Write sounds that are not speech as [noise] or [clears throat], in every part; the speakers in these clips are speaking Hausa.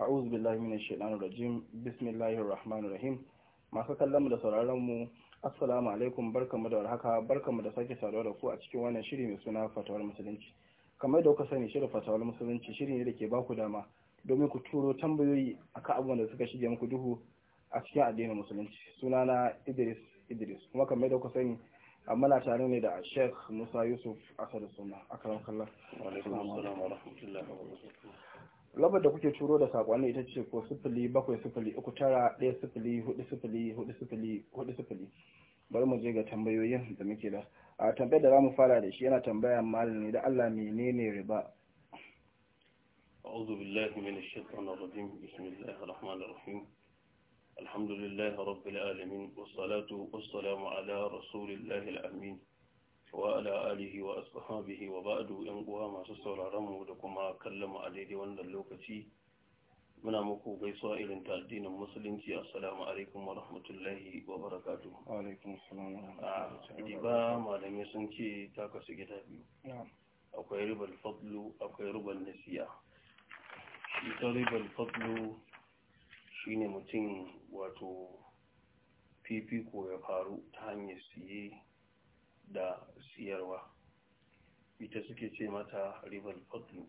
a'udhu billahi minash shaitanir rajim bismillahir rahmanir rahim masu kallon mu da sauraron mu assalamu alaikum barkamu da warhaka barkamu da sake saduwa da ku a cikin wannan shiri mai suna fatawar musulunci kamar da kuka sani shirin fatawar musulunci shiri ne da ke baku dama domin ku turo tambayoyi akan abubuwan da suka shige muku duhu a cikin addinin musulunci sunana Idris Idris kuma kamar da kuka sani amma na tare ne da Sheikh Musa Yusuf Asad Sunna akaram kallah wa alaikum labar da kuke turo da sakonni ita ce ko sifili bari mu je ga tambayoyin da muke da a tambayar da za mu fara da shi yana tambaya malami da Allah menene riba أعوذ بالله من الشيطان الرجيم بسم الله الرحمن الرحيم الحمد لله رب العالمين والصلاة والسلام على رسول الله الأمين وعلى آله وأصحابه وبعد ينقوها ما سسر رمو لكما كلم عليه وانا اللوكتي من أمكو بيصا إلى الدين المسلم السلام عليكم ورحمة الله وبركاته وعليكم السلام ورحمة الله إبا ما لم يسنكي تاكس كتابي نعم أو ربا الفضل أو ربا النسيئة ربا الفضل shine mutum wato fifiko ya faru ta hanyar siye da siyarwa ita suke ce mata ribar fadlu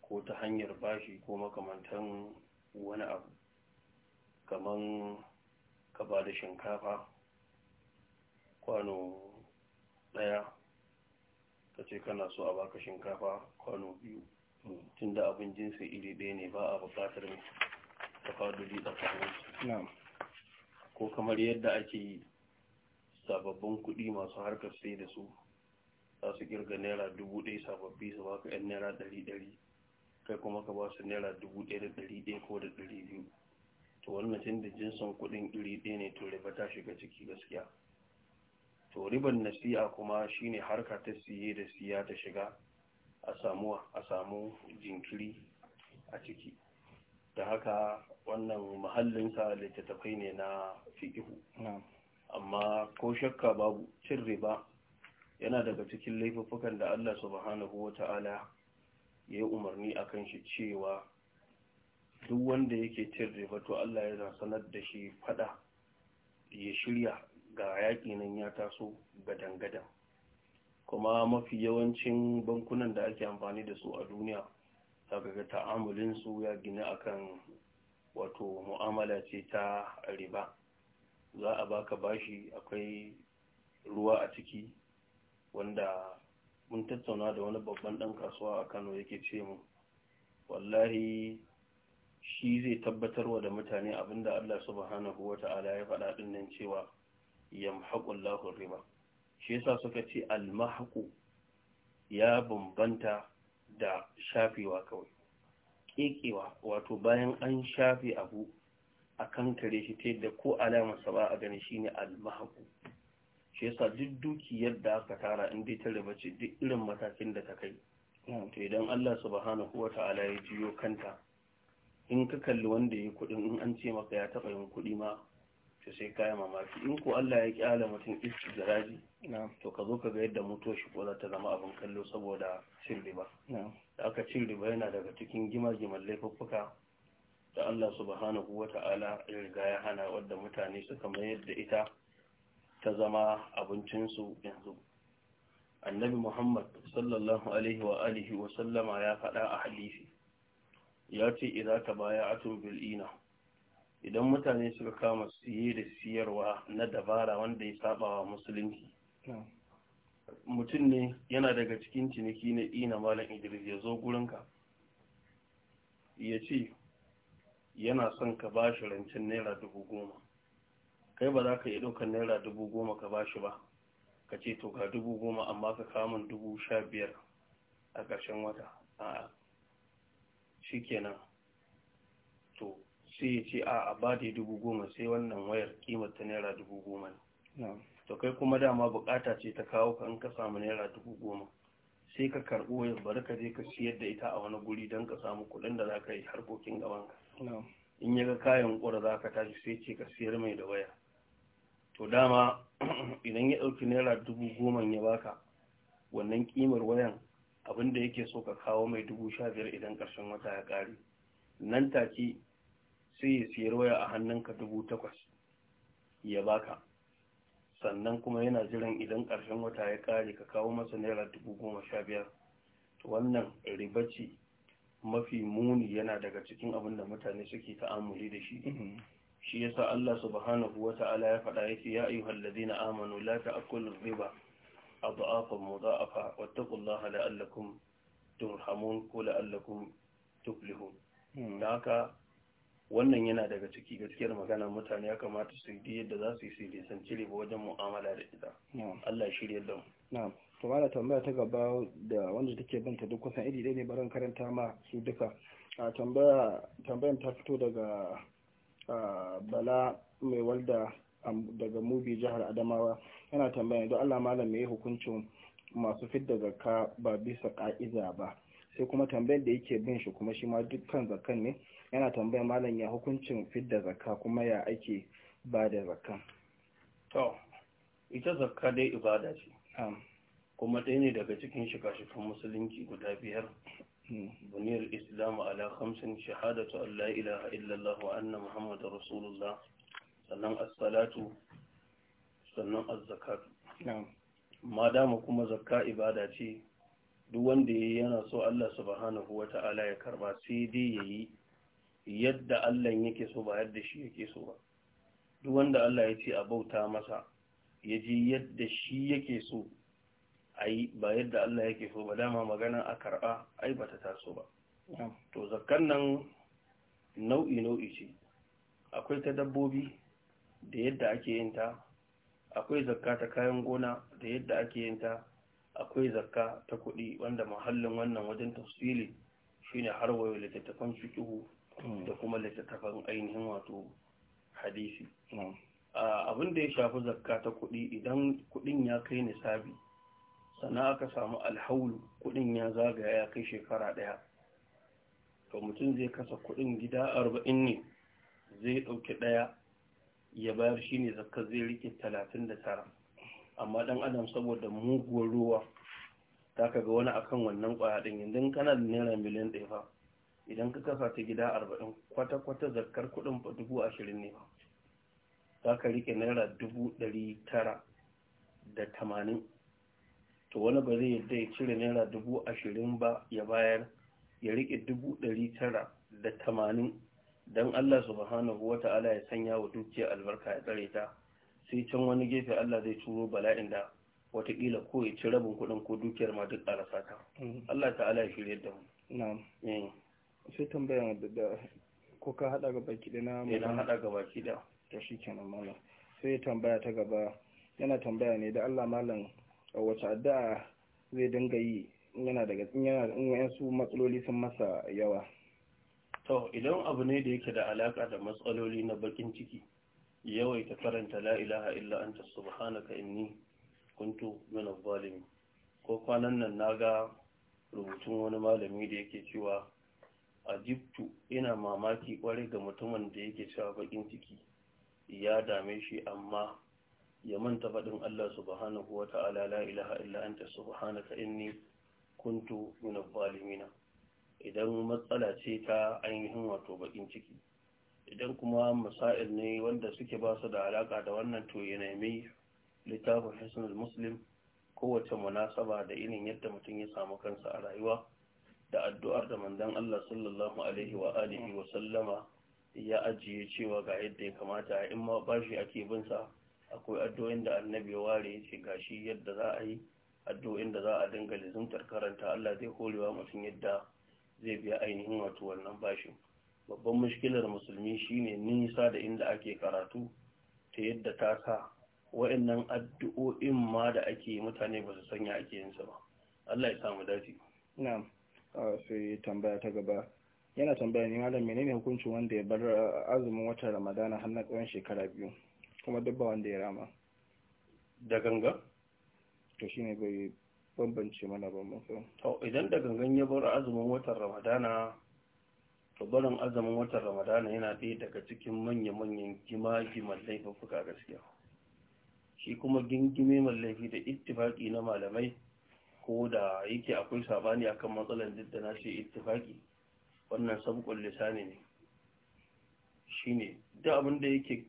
ko ta hanyar bashi ko makamantan wani abu kaman ka ba da shinkafa kwano ɗaya ka ce kana so a baka shinkafa kwano biyu da abin jinsi iri ɗaya ne ba a buƙatar mai tafaduli tsakaninsu ko kamar yadda ake sababbin kuɗi masu harkar sai da su za su kirga naira dubu ɗaya sababbi su baka yan naira ɗari ɗari kai kuma ka ba su naira dubu ɗaya da ɗari ɗaya ko da ɗari biyu to wannan tun da jinsin kuɗin iri ɗaya ne to riba ta shiga ciki gaskiya to riban nasi'a kuma shine harka ta siye da siya ta shiga a samu a samu jinkiri a ciki da haka wannan mahallinsa littattafai ne na fiƙihu amma ko shakka babu cin riba yana daga cikin laifuffukan da Allah subhanahu wa ta'ala ya yi umarni a kan shi cewa duk wanda yake cin riba to Allah ya sanar da shi fada ya shirya ga yaƙi nan ya taso gadan-gadan kuma mafi yawancin bankunan da ake amfani da su a duniya za ga ta'amulinsu ya gina akan wato mu'amala ce ta riba za a baka bashi akwai ruwa a ciki wanda mun tattauna da wani babban ɗan kasuwa a kano yake ce mu wallahi shi zai tabbatarwa da mutane abinda Allah subhanahu wa ta'ala ya faɗa ɗin nan cewa yamhaqullahu riba shi yasa suka ce al ya bambanta da shafewa kawai ƙeƙewa wato bayan an shafe abu a kan kare shi ta yadda ko alama saba a gani shine almahaku shi yasa duk dukiyar da aka tara in dai ta raba ce duk irin matakin da ta kai to idan Allah subhanahu Ta'ala ya jiyo kanta in ka kalli wanda ya kudin in an ce maka ya taɓa yin kuɗi ma sai kayan mamaki in ko Allah ya kyala mutum istizraji to ka zo ka ga yadda mutuwar shi ko ta zama abin kallo saboda cin riba da aka cin riba yana daga cikin gima-giman laifuffuka da Allah subhanahu wa ta'ala ya riga ya hana wadda mutane suka mayar da ita ta zama abincinsu yanzu annabi muhammad sallallahu alaihi wa alihi wa sallama ya faɗa a hadisi ya ce idan ta baya atun bil'ina idan mutane suka kama siye da siyarwa na dabara wanda ya saba wa musulunci mutum ne yana daga cikin ciniki na ina malam idris ya zo gurinka ya ce yana son ka ba shi rancen naira dubu goma kai ba za ka iya ɗaukar naira dubu goma ka ba shi ba ka ce to ga dubu goma amma ka kamun dubu sha biyar a ƙarshen wata a shi kenan to sai ya ce a a ba dubu goma sai wannan wayar kimar ta naira dubu goma ne to kai kuma dama bukata ce ta kawo ka in ka samu naira dubu goma sai ka karɓo wayar bari ka je ka siyar da ita a wani guri don ka samu kuɗin da za ka yi harkokin gaban ka in ya ga kayan kura za ka tashi sai ce ka siyar mai da waya to dama [clears throat] idan ya ɗauki naira dubu goma ya baka wannan kimar wayan abinda yake so ka kawo mai dubu sha biyar idan ƙarshen wata ya ƙare nan take sai ya siyar waya a hannunka dubu takwas ya baka sannan kuma yana jiran idan ƙarshen wata ya ƙare ka kawo masa naira dubu goma sha biyar wannan ribaci mafi muni yana daga cikin abin da mutane suke ta'amuli da shi mm-hmm. shi ya sa Allah subhanahu wa ta'ala ya faɗa ya yake ya ayyuhal ladina amanu a ta'kulu riba adhafan mudha'afa wattaqullaha la'allakum turhamun ko laallakun tuflihun mm-hmm. da haka wannan yana daga ciki gaskiyar magana mutane ya kamata su yi yadda za su yi su yi san cire ba wajen mu'amala da ita Allah ya shirya da mu na'am to mala tambaya ta gaba da wanda take banta duk kusan iri ɗaya ne baran karanta ma su duka a tambaya tambayan ta fito daga bala mai walda daga mubi jihar adamawa yana tambaya don Allah malam me hukuncin masu fidda zakka ba bisa ka'iza ba sai kuma tambayar da yake bin shi kuma shi ma dukkan zakkan ne yana tambaya malam ya hukuncin fidda zakka kuma ya ake ba da zakka to ita zakka dai ibada ce kuma dai ne daga cikin shika-shikan musulunci guda biyar hmm. buniyar islamu ala khamsin shahadatu an la ilaha illallah wa anna Muhammadu rasulullah sannan as-salatu sannan az-zakatu ma dama kuma zakka ibada ce duk wanda ya yana so Allah subhanahu wata'ala ya karba sai dai yayi yadda Allah yake so ba yadda shi yake so ba duk wanda Allah ya ce a bauta masa ya ji yadda shi yake so ai ba yadda Allah yake so ba dama magana a karɓa ai ba ta taso ba to zakkan nan nau'i nau'i ce akwai ta dabbobi da yadda ake yin ta akwai zakka ta kayan gona da yadda ake yin ta akwai zakka ta kuɗi wanda muhallin wannan wajen tafsili shine har wayo littattafan fiqhu Mm. da kuma littattafan ainihin wato hadisi mm. abin da ya shafi zakka ta kuɗi idan kuɗin ya kai nisabi sana aka samu alhaulu kuɗin ya zagaya ya kai shekara ɗaya to mutum zai kasa kuɗin gida arba'in ne zai ɗauki ɗaya ya bayar shi ne zakka zai rike talatin da tara amma ɗan adam saboda muguwar ruwa ta kaga wani akan wannan ƙwaya ɗin yanzu kana da naira miliyan ɗaya fa idan ka kasa ta gida arba'in kwata-kwata zakar kudin ba dubu ashirin ne za ka rike naira dubu dari tara da tamanin to wani ba zai yadda ya cire naira dubu ashirin ba ya bayar ya rike dubu dari tara da tamanin don allah subhanahu wa ta'ala ya sanya wa dukiya albarka ya tsare ta sai can wani gefe allah zai turo bala'in da watakila ko ya ci rabin kudin ko dukiyar ma duk ƙarasa ta mm. allah ta'ala ya shirya da mu eh. sai tambaya da ko ka hada ga baki da na eh, na hada ga baki da to shikenan mallam sai tambaya ta gaba yana tambaya ne da Allah malam wace addu'a zai dinga yi yana daga yana in wayansu matsaloli sun masa yawa to idan abu ne da yake da alaka da matsaloli na bakin ciki yawaita karanta la ilaha illa anta subhanaka inni kuntu min adh ko kwanan nan naga rubutun wani malami da yake cewa ajibtu ina mamaki kwarai ga mutumin da yake cewa bakin ciki ya dame shi amma ya manta faɗin Allah subhanahu wa ta'ala la ilaha illa anta subhanaka inni kuntu min zalimina idan matsala ce ta ainihin wato bakin ciki idan kuma masail ne wanda suke ba su da alaka da wannan to ya nemi littafin hisnul muslim kowace munasaba da irin yadda mutum ya samu kansa a rayuwa da addu'ar da manzon Allah sallallahu alaihi wa alihi wa sallama ya ajiye cewa ga yadda ya kamata a in ma bashi ake bin sa akwai addu'o'in da annabi ya ware ya ce gashi yadda za a yi addu'o'in da za a dinga lizumtar karanta Allah zai horewa mutum yadda zai biya ainihin wato wannan bashi. babban mushkilar musulmi shine nisa da inda ake karatu ta yadda ta sa wa'annan addu'o'in ma da ake mutane ba su sanya ake yin ba Allah ya samu dace na'am sai tambaya ta gaba yana tambaya ne malam menene hukuncin wanda ya bar azumin watan ramadana har na tsawon shekara biyu kuma dabba wanda ya rama da ganga to shine bai bambance mana ba mun to idan da gangan ya bar azumin watan ramadana to barin azumin watan ramadana yana ɗaya daga cikin manya-manyan gima-giman fuka gaskiya shi kuma gingime mai laifi da ittifaki na malamai ko da yake akwai sabani akan matsalan jidda na shi ittifaki wannan sabqul lisani ne shi ne, duk abin da yake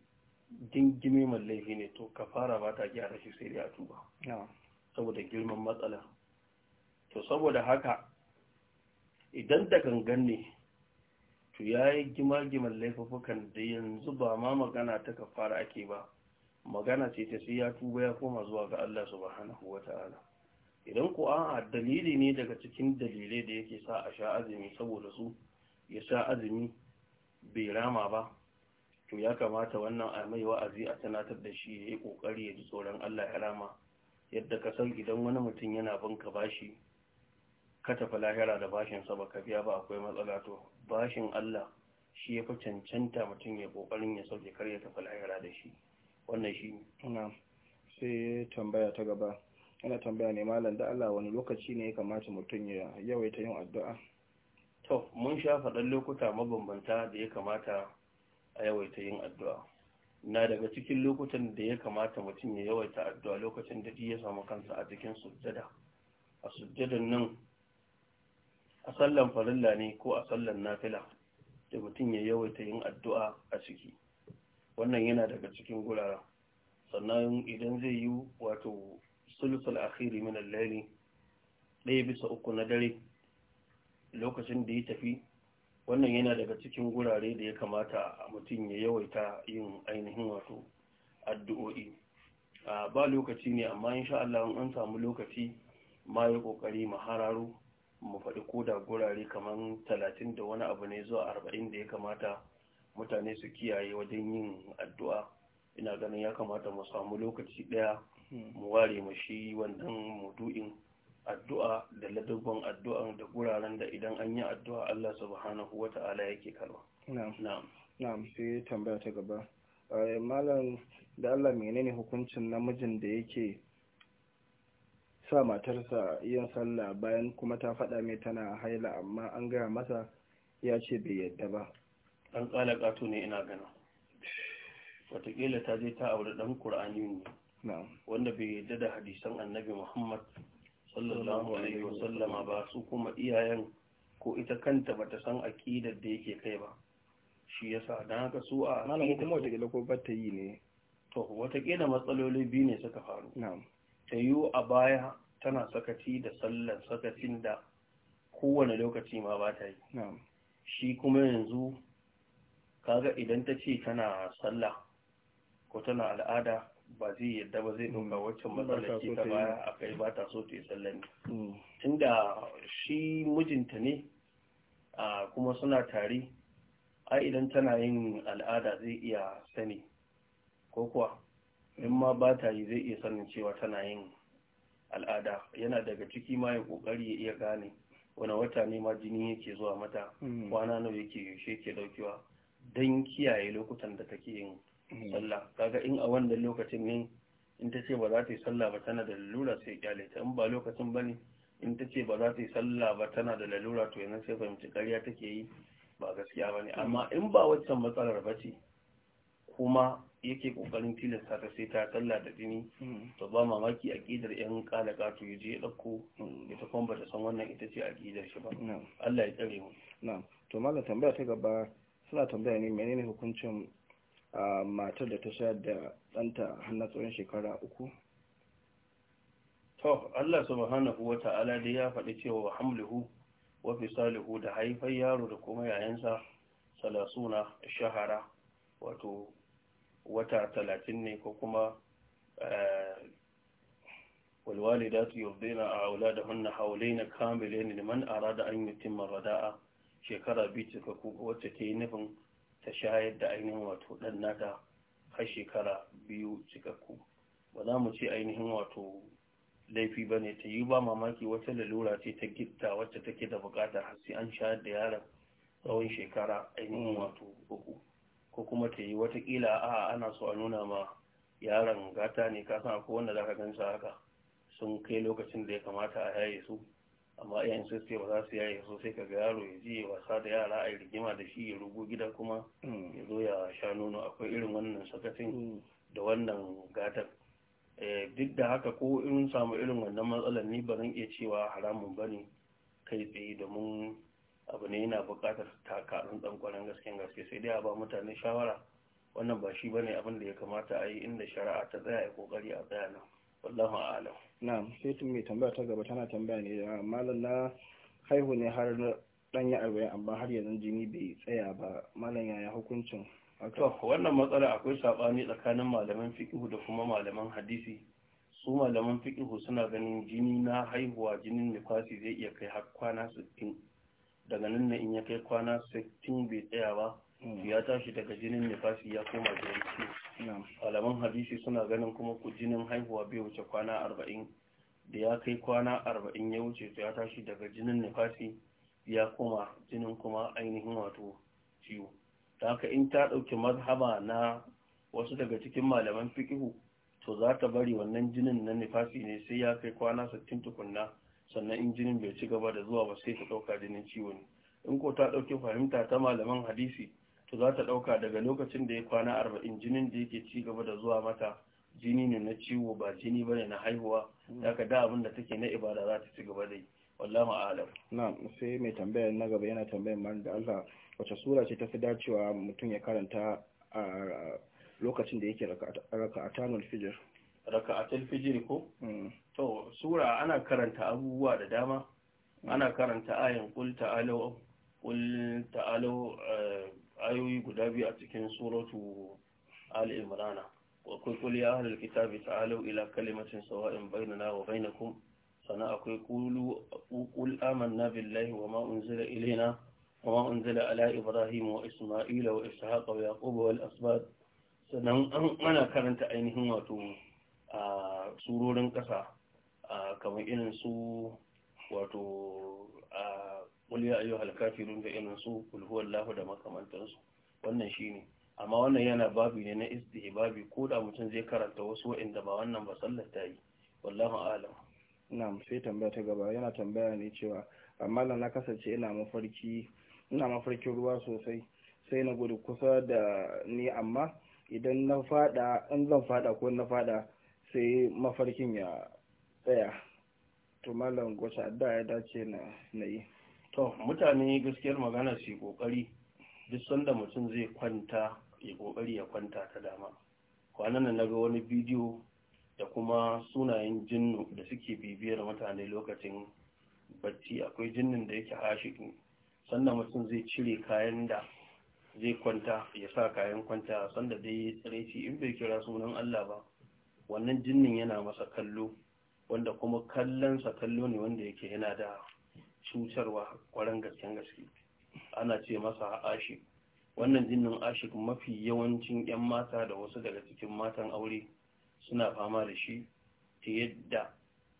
dingime man laifi ne to fara ba ta gyara shi sai ya tuba saboda girman matsala to saboda haka idan da gangan ne to ya yayi gimagiman laifukan da yanzu ba ma magana ta ka fara ake ba magana ce ta sai ya tuba ya koma zuwa ga Allah subhanahu wataala idan ku a dalili ne daga cikin dalilai da yake sa a sha azumi saboda su ya sha azumi bai rama ba to ya kamata wannan a mai wa'azi a tunatar da shi ya yi kokari ya ji tsoron Allah ya rama yadda ka san idan wani mutum yana banka bashi ka tafi lahira da bashin sa ba baka biya ba akwai matsala to bashin Allah shi ya fi cancanta mutum ya kokarin ya sauke kar ya tafi lahira da shi wannan shi ina sai tambaya ta gaba ana tambaya ne malam da Allah wani lokaci ne ya kamata mutum ya yawaita yin addu'a to mun sha faɗan lokuta mabambanta da ya kamata a yawaita yin addu'a na daga cikin lokutan da ya kamata mutum ya yawaita addu'a lokacin da ya samu kansa a cikin sujjada a sujjadan nan a sallan farilla ne ko a sallan nafila da mutum ya yawaita yin addu'a a ciki wannan yana daga cikin gurara sannan idan zai yi wato sulusul akhiri min al-layli ɗaya bisa uku na dare lokacin da ya tafi wannan yana daga cikin gurare da ya kamata mutum ya yawaita yin ainihin wato addu'o'i ba lokaci ne amma insha Allah an samu lokaci ma ya kokari mu mu faɗi koda gurare kamar talatin da wani abu ne zuwa arba'in da ya kamata mutane su kiyaye wajen yin addu'a ina ganin ya kamata mu samu lokaci ɗaya mu ware mu shi wannan mudu'in addu'a da ladabban addu'an da guraren da idan an yi addu'a Allah subhanahu wa ta'ala yake kalwa na'am sai tambaya ta gaba eh, malam da Allah menene hukuncin namijin da yake sa matarsa yin sallah bayan kuma ta faɗa mai tana haila amma an gaya masa ya ce bai yadda ba an ƙala ƙato ne ina gana wataƙila ta je ta auri ɗan ƙur'ani ne wanda bai yadda da hadisan annabi muhammad sallallahu alaihi wasallama ba su kuma iyayen ko ita kanta bata san aƙidar da yake kai ba shi yasa don haka su a malamu kuma wata ko bata yi ne to matsaloli biyu ne suka faru ta yi a baya tana sakaci da sallar sakacin da kowane lokaci ma ba ta yi shi kuma yanzu kaga idan ta ce tana sallah ko tana al'ada ba zai yadda ba zai ɗauka mm. waccan matsalar ta baya a kai ba ta so ta yi tsallani mm. tunda shi mijinta ne kuma suna tare a idan tana yin al'ada zai iya sani ko kuwa in ma ba ta yi zai iya sanin cewa tana yin al'ada yana daga ciki ma ya kokari ya iya gane wani wata ne ma jini yake zuwa mata mm. kwana nawa yake yaushe ke daukewa don kiyaye lokutan da take yin sallah kaga in a wannan lokacin ne in ta ce ba za ta yi sallah ba tana da lalura sai kyale ta in ba lokacin ba ne in ta ce ba za ta yi sallah ba tana da lalura to yanzu sai fahimci karya take yi ba gaskiya ba ne amma in ba waccan matsalar ba ce kuma yake kokarin tilasta ta sai ta sallah da jini to ba mamaki a kidar yan kalaka to yaje ya dauko ita kuma ta san wannan ita ce kidar shi ba Allah ya tsare mu na'am to mallam tambaya ta gaba suna tambaya ne menene hukuncin a ah, matar da ta shayar da ɗanta hannun na shekara uku. To, Allah subhanahu wa ta'ala dai ya faɗi cewa hamluhu wa salihu da haifar yaro da kuma yayansa salasuna shahara wato wata talatin ne ko kuma eh, walwale da su yau daina a wula da hunna haulai na kamilai ne man arada an yi tim shekara biyu cikakku wacce ke yi nufin ta shayar da ainihin wato ɗan nata har shekara biyu cikakku ba za mu ce ainihin wato laifi ba ne ta yi ba mamaki wata lalura ce ta gita wacce take da bukatar har sai an shayar da yaron tsawon shekara ainihin wato uku ko kuma ta yi watakila a ana so a nuna ma yaron gata ne kasan akwai wanda za ka gansa haka sun kai lokacin da ya kamata a yaye su amma iyayen sai sai ba za su yaye so sai ka ga yaro ya je wasa da yara a rigima da shi ya rugo gida kuma mm. ya zo ya sha nono akwai irin wannan sakacin mm. da wannan gatar eh, duk da haka ko in samu irin wannan matsalar ni ba zan iya cewa haramun ba ne kai tsaye domin abu ne yana buƙatar takarun dan kwanan gaskiyan gaske sai dai a ba mutane shawara wannan ba shi ba ne abin da ya kamata a yi inda shari'a ta tsaya ya kokari a tsaya nan wallahu a'lam na'am sai tun mai tambaya ta gaba tana tambaya ne ah, malam na haihu ne har dan ya arba'in amma har yanzu jini bai tsaya ba malam yaya hukuncin to wannan matsala akwai sabani tsakanin malaman fiqh da kuma malaman hadisi su malaman fiqh suna ganin jini na haihuwa jinin nifasi zai iya kai har kwana 60 daga nan ne in ya kai kwana 60 bai tsaya ba Mm. ya tashi daga jinin nifasi ya koma jinin ciwo alamun hadisi suna ganin kuma ku jinin haihuwa bai wuce kwana arba'in da ya kai kwana arba'in ya wuce ya tashi daga jinin nifasi ya koma jinin kuma ainihin wato ciwo ta haka in ta ɗauki mazhaba na wasu daga cikin malaman fikihu to za ta bari wannan jinin na nifasi ne sai ya kai kwana 60 tukunna sannan in jinin bai ci gaba da zuwa ba sai ta ɗauka jinin ciwo ne in ko ta ɗauki fahimta ta malaman hadisi to za ta ɗauka daga lokacin da ya kwana arba'in jinin da yake ci gaba da zuwa mata jini ne na ciwo ba jini bane na haihuwa daga da abin da take na ibada za ta ci gaba dai wallahu a'lam na sai mai tambaya na gaba yana tambayar man da Allah wace sura ce ta fi dacewa mutum ya karanta a lokacin da yake raka'atanul fijr al fijr ko mm. to sura ana karanta abubuwa da dama mm. ana karanta ayin qul ta'alu qul ta'alu eh, ayoyi guda biyu a cikin suratu al-imrana wa kulkul ya ahlul kitabi ta'alu ila kalimatin sawa'in bainana wa bainakun sana akwai qulu billahi wa ma unzila ilaina wa ma unzila ala ibrahim wa isma'ila wa ishaq wa yaqub wal asbab sannan an ana karanta ainihin wato a surorin kasa kamar irin su wato wani ya ayyuhal kafirun da irin su qul huwallahu da makamantarsu wannan shine amma wannan yana babi ne na istihbabi ko da mutum zai karanta wasu inda ba wannan ba sallar ta yi wallahu a'lam na'am sai tambaya ta gaba yana tambaya ne cewa amma na kasance ina mafarki ina mafarkin ruwa sosai sai na gudu kusa da ni amma idan na fada in zan fada ko na fada sai mafarkin ya tsaya to malam a da ya dace na yi to mutane gaskiyar magana su yi kokari duk sanda mutum zai kwanta ya kokari ya kwanta ta dama kwanan na ga wani bidiyo da kuma sunayen jinnu da suke bibiyar mutane lokacin bacci akwai jinnin da yake hashikin sanda mutum zai cire kayan da zai kwanta ya sa kayan kwanta sanda dai ya tsare shi in bai kira sunan Allah ba wannan jinnin yana masa kallo wanda kuma kallon sa kallo ne wanda yake yana da cutarwa kwaran gasken gaske ana ce masa ashi wannan jinnin ashik mafi yawancin 'yan mata da wasu daga cikin matan aure suna fama da shi ta yadda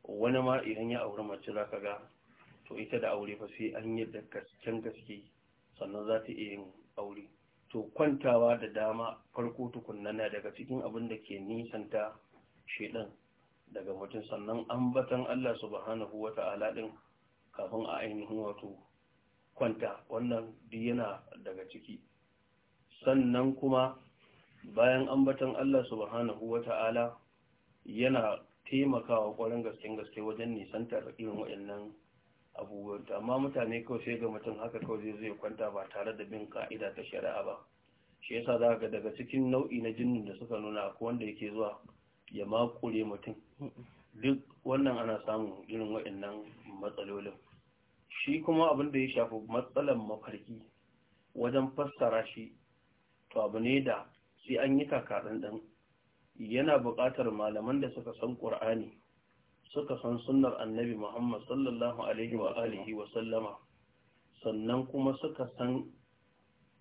wani ma idan ya auri mace za ka ga to ita da aure fa sai an yi da gasken gaske sannan za ta iya yin aure to kwantawa da dama farko tukunna na daga cikin abin da ke nisanta shaidan daga mutum sannan ambatan Allah subhanahu ala din kafin a ainihin wato kwanta wannan duk yana daga ciki sannan kuma bayan ambaton Allah subhanahu ta'ala yana taimakawa kwarin gaske gaske wajen nisantar irin waɗannan abubuwan amma mutane kawai sai ga mutum haka kawai zai zai kwanta ba tare da bin ka'ida ta shari'a ba shi yasa za ga daga cikin nau'i na jinin da suka nuna ko wanda yake zuwa ya makure mutum duk wannan ana samun irin waɗannan matsalolin shi kuma abin da ya shafi matsalar mafarki wajen fassara shi to abu ne da sai an yi kakarin ɗan yana buƙatar malaman da suka san ƙur'ani suka san sunnar annabi muhammad sallallahu alaihi wa alihi wa sallama sannan kuma suka san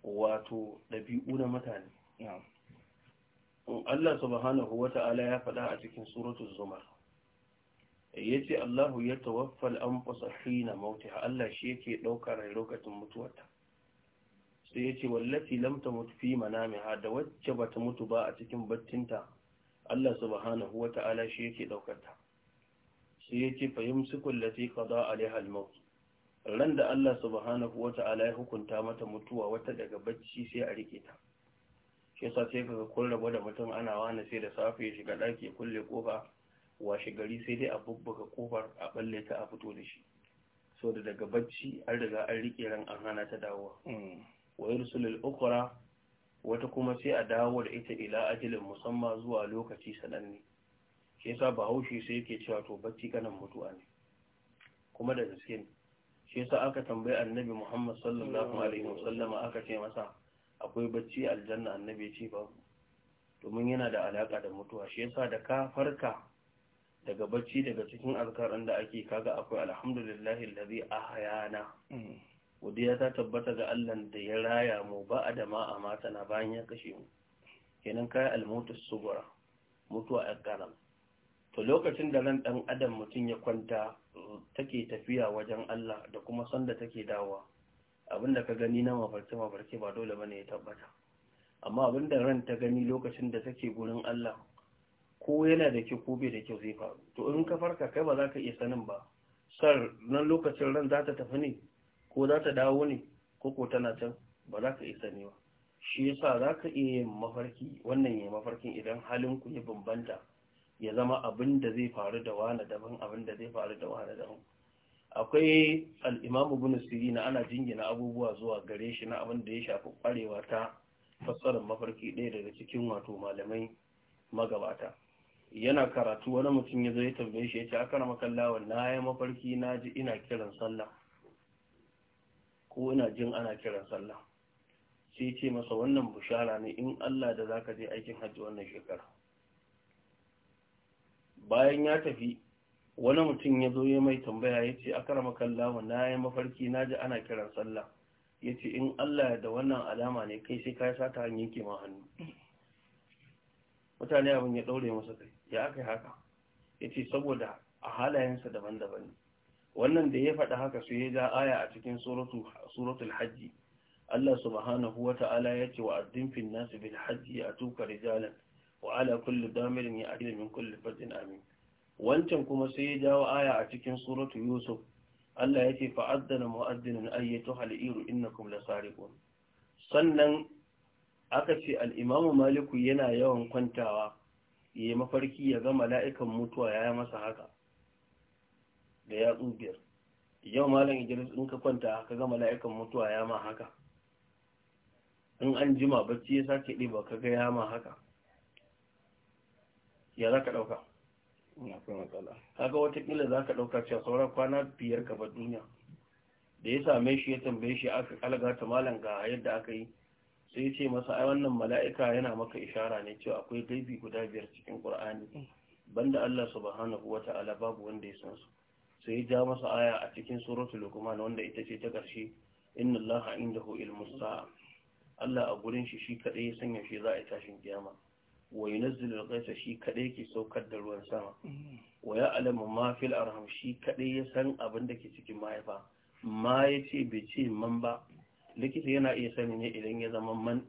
wato ɗabi'u na mutane Allah subhanahu wa ta'ala ya faɗa a cikin suratul zumar ya ce Allahu ya tawaffal an fasahi na mautiha Allah shi yake ɗaukar rai lokacin mutuwarta sai ya ce wallafi lamta mutu fi manamiha da wacce ba ta mutu ba a cikin battinta Allah subhanahu wa ta'ala shi yake ɗaukarta sai ya ce fahimsikun lati qada alaiha al-maut ran da Allah subhanahu wa ta'ala ya hukunta mata mutuwa wata daga bacci sai a rike ta shi yasa sai kaga kun rabo da mutum ana wani sai da safe ya shiga ɗaki kulle kofa washe gari sai dai a bubbuga kofar a balle ta a fito da shi so da daga bacci an riga an rike ran an hana ta dawowa mm. wa yursulul ukhra wata kuma sai a dawo da ita ila ajalin musamman zuwa lokaci sananne shi yasa bahaushe sai yake cewa to bacci kanan mutuwa ne kuma da gaske ne shi yasa aka tambayi annabi Muhammad sallallahu alaihi wasallama aka ce masa akwai bacci aljanna annabi ce ba domin yana da alaka da mutuwa shi yasa da ka farka daga bacci daga cikin azkarin da ake kaga akwai alhamdulillahi allazi ahyana mm. godiya ta tabbata ga Allah da ya raya mu ba Adama a mata na bayan ya kashe mu kenan kai almutu subra mutuwa a karam to lokacin da ran dan adam mutum ya kwanta take tafiya wajen Allah da kuma sanda take dawowa abinda ka gani na mafarki mafarki ba dole bane ya tabbata amma abinda ran ta gani lokacin da take gurin Allah ko yana da kyau ko bai da kyau zai faru to in ka farka kai ba za ka iya sanin ba sar nan lokacin ran za ta tafi ne ko za ta dawo ne ko ko tana can ba za ka iya sani ba shi yasa za ka iya yin mafarki wannan ya mafarkin idan halin ku ya bambanta ya zama abin da zai faru da wani daban abin da zai faru da wani daban akwai al'imamu bin sirina ana jingina abubuwa zuwa gare shi na abin da ya shafi kwarewa ta fassarar mafarki ɗaya daga cikin wato malamai magabata yana karatu wani mutum ya zo ya tambaye shi ya ce aka rama kallawa na yi mafarki na ji ina kiran sallah ko ina jin ana kiran sallah sai ce masa wannan bushara ne in Allah da zaka je aikin hajji wannan shekara bayan ya tafi wani mutum ya zo ya mai tambaya ya ce aka rama kallawa na yi mafarki na ji ana kiran sallah ya ce in Allah da wannan alama ne kai sai ka sata hanyar ke ma hannu mutane abin ya ɗaure masa kai ya aka haka ya ce saboda a halayensa daban-daban ne wannan da ya faɗi haka su ya ja aya a cikin suratul hajji Allah subhanahu wa ta'ala ya ce wa addin fin nasu bil hajji a tuka rijalan wa ala kulli damirin ya ajiye min kulli fatin amin wancan kuma sai ya jawo aya a cikin suratu yusuf Allah ya ce fa'addana mu'addinin ayyatu hal'iru innakum lasariqun sannan aka ce al-imamu maliku yana yawan kwantawa ya mafarki ya ga mala'ikan mutuwa ya yi masa haka da ya biyar yau malam idris in ka kwanta ka ga mala'ikan mutuwa ya ma haka in an jima bacci ya sake ɗiba ka ga ya ma haka ya za ka ɗauka Haka watakila za ka ɗauka cewa saura kwana biyar gaba duniya da ya same shi ya tambaye shi aka ta malam ga yadda aka yi sai ya ce masa ai wannan mala'ika yana maka ishara ne cewa akwai gaibi guda biyar cikin Qur'ani mm. banda Allah subhanahu wata'ala babu wanda ya san su sai ya ja masa aya a cikin suratul Luqman wanda ita ce ta ƙarshe inna Allaha indahu ilmus sa'a Allah a gurin shi shi kadai ya sanya shi za a tashin kiyama wa yunzilu al-ghaytha shi kadai ke saukar da ruwan sama mm. wa ya'lamu ma fil arham shi kadai ya san abin da ke cikin mahaifa ma yace bai ce man ba likita yana iya sani ne idan ya zama man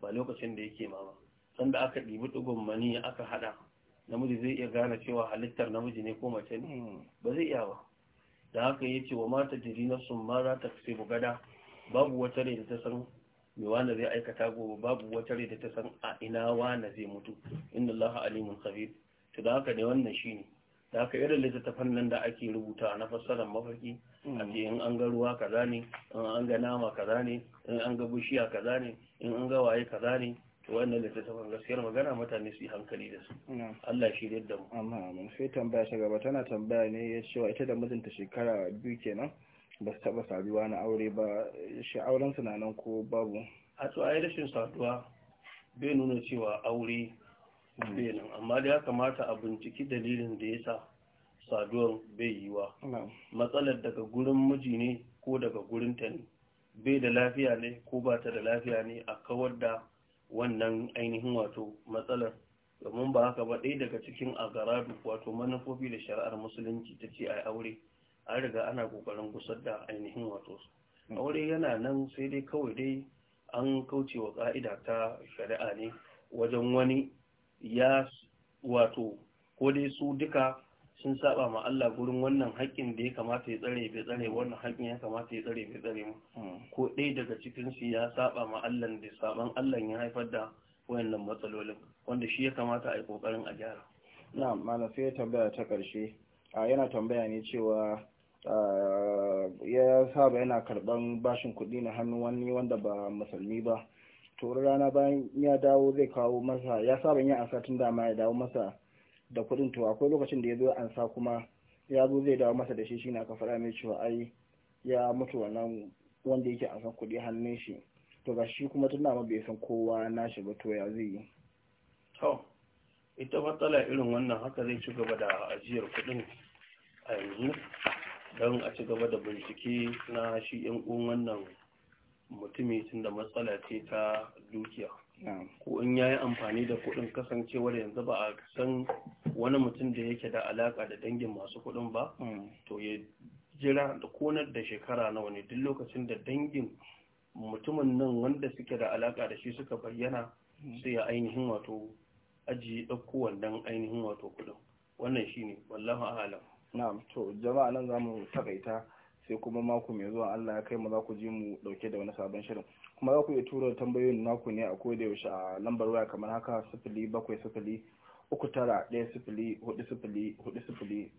ba lokacin da yake san sanda aka ɗibi ɗigon mani aka haɗa namiji zai iya gane cewa halittar namiji ne ko mace ne mm. ba zai iya ba da haka ya ce wa mata jiri na sun ma za ta fi gada babu wata rai da ta san mai wani zai aikata gobe babu wata rai da ta san a ina wani zai mutu inda Allah alimun khabir to da haka ne wannan shine da yi irin littattafan nan da ake rubuta na fassarar mafaki mm. a ce in an ga ruwa kaza ne in an ga nama kaza ne in an ga bishiya kaza ne in an ga waye kaza ne wannan littattafan gaskiyar magana mutane su yi hankali da su Allah shi da mu amma amin sai tambaya ta gaba tana tambaya ne ya cewa ita da mijinta shekara biyu kenan ba su taba saduwa na aure ba shi auren su na nan ko babu a to rashin saduwa bai nuna cewa aure benin hmm. amma da ya kamata a binciki dalilin da ya sa saduwar bai yi wa matsalar daga gurin miji ne ko daga gurin ta ne bai da lafiya ne ko ba ta da lafiya ne a kawar da wannan ainihin wato matsalar domin ba haka ba ɗaya daga cikin agaradu wato manufofi da shari'ar musulunci ta ce a aure an riga ana kokarin gusar da ainihin wato hmm. aure yana nan sai dai kawai dai an kaucewa ƙa'ida ta shari'a ne wajen wani ya wato ko dai su duka sun saba ma Allah gurin wannan haƙƙin da ya kamata ya tsare bai tsare wannan haƙƙin ya kamata ya tsare bai tsare mu hmm. ko ɗaya daga cikin su ya saba ma Allah da saban Allah ya haifar da wayannan matsalolin wanda shi ya kamata a yi kokarin a gyara na mana sai tambaya ta karshe a yana tambaya ne cewa ya saba yana karban bashin kuɗi na hannu wani wanda ba musulmi ba tori rana bayan ya dawo zai kawo masa ya saba yin ansa tun dama ya dawo masa da kuɗin to akwai lokacin da ya zo ansa kuma ya zo zai dawo masa da shi shi na ka fara mai cewa ai ya mutu wannan wanda yake ansa kuɗi hannun shi to ga shi kuma tun dama bai san kowa na shi ba to ya zai yi to ita matsala irin wannan haka zai ci gaba da ajiyar kuɗin a yanzu don a ci gaba da bincike na shi 'yan uwan wannan mutumi tun da matsala ce ta dukiya ko in ya yi amfani da kuɗin kasancewar yanzu ba a san wani mutum da yake da alaka da dangin masu kuɗin ba to ya jira da konar da shekara nawa ne duk lokacin da dangin mutumin nan wanda suke da alaka da shi suka bayyana sai ya ainihin wato aji ɗauko wannan ainihin wato kuɗin wannan shine wallahu a'lam na'am to jama'a nan zamu takaita sai kuma mako mai zuwa Allah ya kai mu za ku ji mu dauke da wani sabon shirin kuma za ku iya tura tambayoyin naku ne a koda yaushe a lambar waya kamar haka sifili bakwai sifili uku tara ɗaya sifili hudu sifili hudu sifili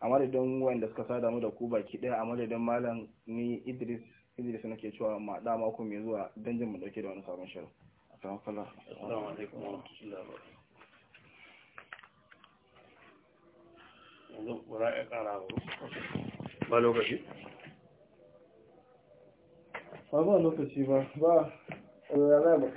a madadin wanda suka sada mu da ku baki ɗaya a madadin malam ni Idris Idris nake cewa ma da mako mai zuwa dan jin mu dauke da wani sabon shirin assalamu alaikum wa rahmatullahi wa barakatuh yanzu ƙara ba lokaci ba lokaci ba ba